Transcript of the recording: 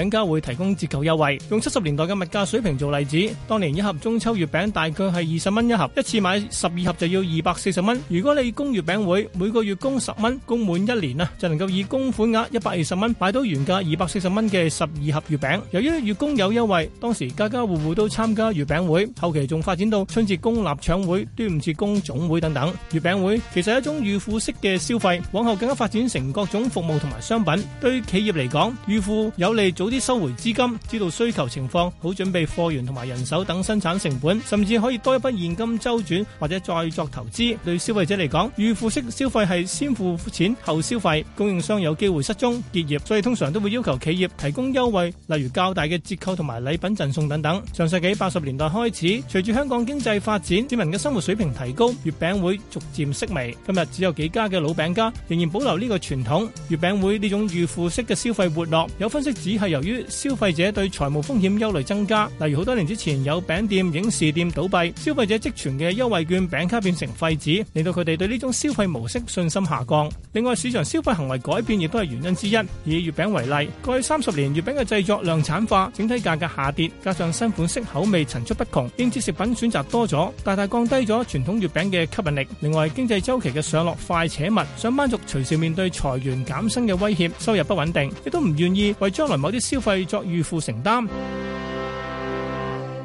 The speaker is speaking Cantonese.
餅家會提供折扣優惠，用七十年代嘅物價水平做例子，當年一盒中秋月餅大概係二十蚊一盒，一次買十二盒就要二百四十蚊。如果你供月餅會，每個月供十蚊，供滿一年啊，就能夠以供款額一百二十蚊，買到原價二百四十蚊嘅十二盒月餅。由於月供有優惠，當時家家戶戶都參加月餅會，後期仲發展到春節供臘腸會、端午節供粽會等等。月餅會其實係一種預付式嘅消費，往後更加發展成各種服務同埋商品。對企業嚟講，預付有利早。啲收回資金，知道需求情況，好準備貨源同埋人手等生產成本，甚至可以多一筆現金周轉或者再作投資。對消費者嚟講，預付式消費係先付錢後消費，供應商有機會失蹤結業，所以通常都會要求企業提供優惠，例如較大嘅折扣同埋禮品贈送等等。上世紀八十年代開始，隨住香港經濟發展，市民嘅生活水平提高，月餅會逐漸式微。今日只有幾家嘅老餅家仍然保留呢個傳統，月餅會呢種預付式嘅消費活絡。有分析指係。由於消費者對財務風險憂慮增加，例如好多年之前有餅店、影視店倒閉，消費者積存嘅優惠券、餅卡變成廢紙，令到佢哋對呢種消費模式信心下降。另外，市場消費行為改變亦都係原因之一。以月餅為例，過去三十年月餅嘅製作量產化，整體價格下跌，加上新款式、口味層出不窮，精致食品選擇多咗，大大降低咗傳統月餅嘅吸引力。另外，經濟周期嘅上落快且密，上班族隨時面對裁員減薪嘅威脅，收入不穩定，亦都唔願意為將來某啲。消費作預付承擔。